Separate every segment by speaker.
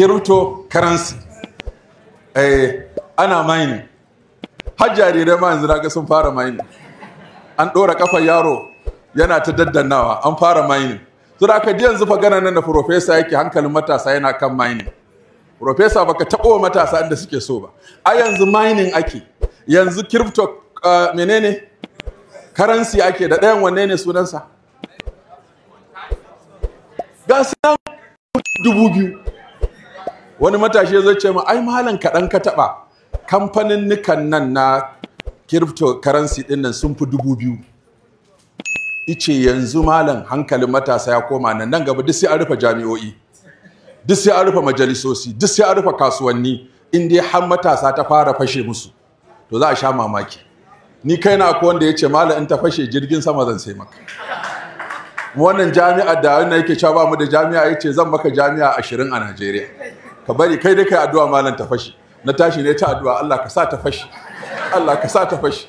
Speaker 1: kiruto Karansi. eh ana mining har jarirai ma yanzu ga sun fara mining an ɗora kafar yaro yana ta daddannawa an fara mining to da aka yanzu fa gana nan da professor yake hankalin matasa yana kan mining professor baka taɓo matasa inda suke so ba a yanzu mining ake yanzu kiripto eh, menene Karansi ake da ɗayan wanne ne sunansa ga dubu biyu wani matashi zai ce ma ai malam kaɗan ka taɓa kamfanin nukan nan na cryptocurrency ɗin nan sun fi dubu biyu ice yanzu malam hankalin matasa ya koma nan nan gaba duk sai an rufe jami'o'i duk sai an rufe majalisosi, duk sai an rufe kasuwanni in dai har matasa ta fara fashe musu to za a sha mamaki ni na ko wanda ya ce malam in ta fashe jirgin sama zan sai maka wannan jami'ar da wannan yake cewa ba mu da jami'a yace zan maka jami'a ashirin a Najeriya ka bari kai dai kai addu'a malam ta fashi na tashi ne ta addu'a Allah ka sa ta fashi Allah ka sa ta fashi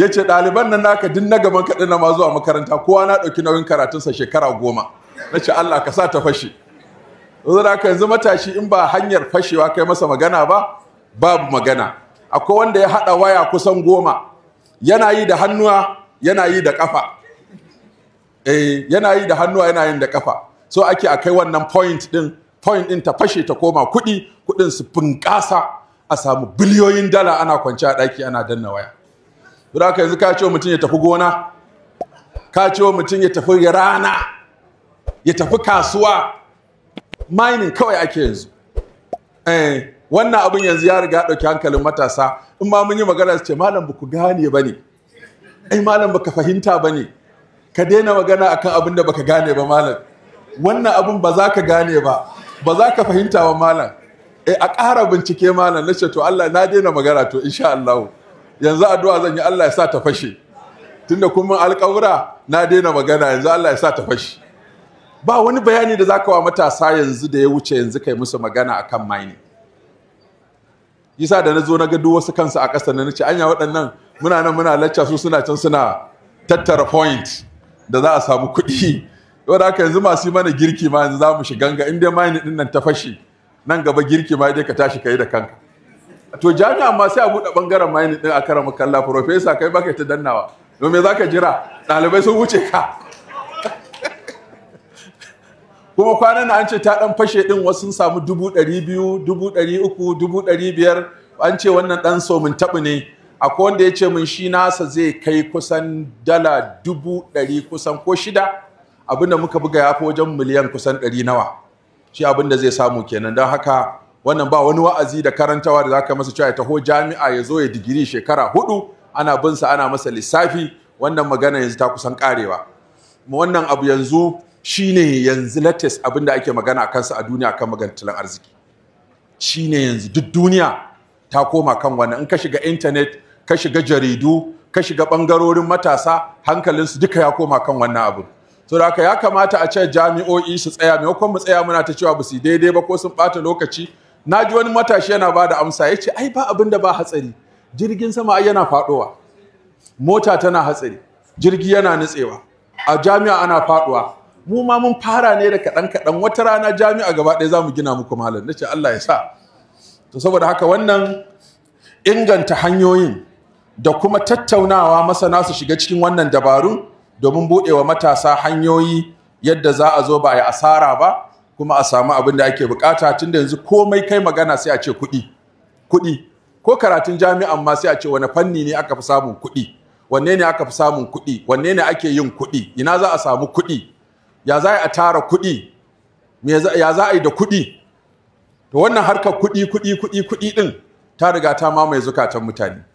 Speaker 1: yace daliban nan naka din na gaban ka dinna ma zuwa makaranta kowa na ɗauki nauyin karatun sa shekara goma nace Allah ka sa ta fashi yanzu da yanzu matashi in ba hanyar fashewa kai masa magana ba babu magana akwai wanda ya haɗa waya kusan goma yana yi da hannuwa yana yi da kafa eh yana yi da hannuwa yana yin da ƙafa so ake akai wannan point din point ɗin ta fashe ta koma kuɗi kuɗin su bunƙasa a samu biliyoyin dala ana kwance a ɗaki ana danna waya don haka yanzu ka ce mutum ya tafi gona ka ce mutum ya tafi rana ya tafi kasuwa mining kawai ake yanzu eh wannan abin yanzu ya riga ɗauki hankalin matasa in ma mun yi magana su ce malam ba ku gane ba ne ai malam baka fahimta ba ne ka daina magana akan abin da baka gane ba malam wannan abin ba za ka gane ba ba za ka fahimta wa malam eh a ƙara bincike malam na to Allah na daina magana to insha Allah yanzu addu'a zan yi Allah ya sa ta fashe tunda kuma alƙawura na daina magana yanzu Allah ya sa ta fashe ba wani bayani da zaka wa matasa yanzu da ya wuce yanzu kai musu magana akan mine yasa da na zo na ga duk wasu kansu a ƙasa na nace anya waɗannan muna nan muna lacca su suna can suna tattara point da za a samu kuɗi wadda aka yanzu masu mana girki ma yanzu za mu shi ganga inda ma yi nan ta fashe nan gaba girki ma dai ka tashi ka yi da kanka to jami'a ma sai a buɗe ɓangaren mani din a karama kalla profesa kai baka ta dannawa domin za ka jira ɗalibai sun wuce ka kuma kwanan an ce ta ɗan fashe ɗin wasu sun samu dubu ɗari biyu dubu ɗari uku dubu ɗari biyar an ce wannan ɗan somin taɓu ne a wanda ya ce min shi nasa zai kai kusan dala dubu ɗari kusan ko shida abin da muka buga ya fi wajen miliyan kusan ɗari nawa shi abin da zai samu kenan don haka wannan ba wani wa'azi da karantawa da za ka masa cewa ya taho jami'a ya zo ya digiri shekara hudu ana bin sa ana masa lissafi wannan magana yanzu ta kusan karewa wannan abu yanzu shine yanzu latest abin da ake magana a kansa a duniya kan magantalan arziki shine yanzu duk duniya ta koma kan wannan in ka shiga intanet ka shiga jaridu ka shiga bangarorin matasa hankalinsu duka ya koma kan wannan abin so da ya kamata a ce jami'o'i su tsaya maimakon mu tsaya muna ta cewa ba su daidai ba ko sun bata lokaci na ji wani matashi yana ba da amsa ya ce ai ba abin da ba hatsari jirgin sama ai yana faɗowa mota tana hatsari jirgi yana nutsewa a jami'a ana faɗuwa mu ma mun fara ne da kaɗan kaɗan wata rana jami'a gaba ɗaya za mu gina muku malam na Allah ya sa to saboda haka wannan inganta hanyoyin da kuma tattaunawa masana su shiga cikin wannan dabarun domin buɗe wa matasa hanyoyi yadda za a zo ba a yi asara ba kuma a samu abin da ake bukata tunda yanzu komai kai magana sai a ce kuɗi kuɗi ko karatun jami'an ma sai a ce wani fanni ne aka fi samun kuɗi wanne ne aka fi samun kuɗi wanne ne ake yin kuɗi ina za a samu kuɗi ya za a tara kuɗi ya za a yi da kuɗi to wannan harkar kuɗi kuɗi kuɗi kuɗi ɗin ta riga ta mamaye zukatan mutane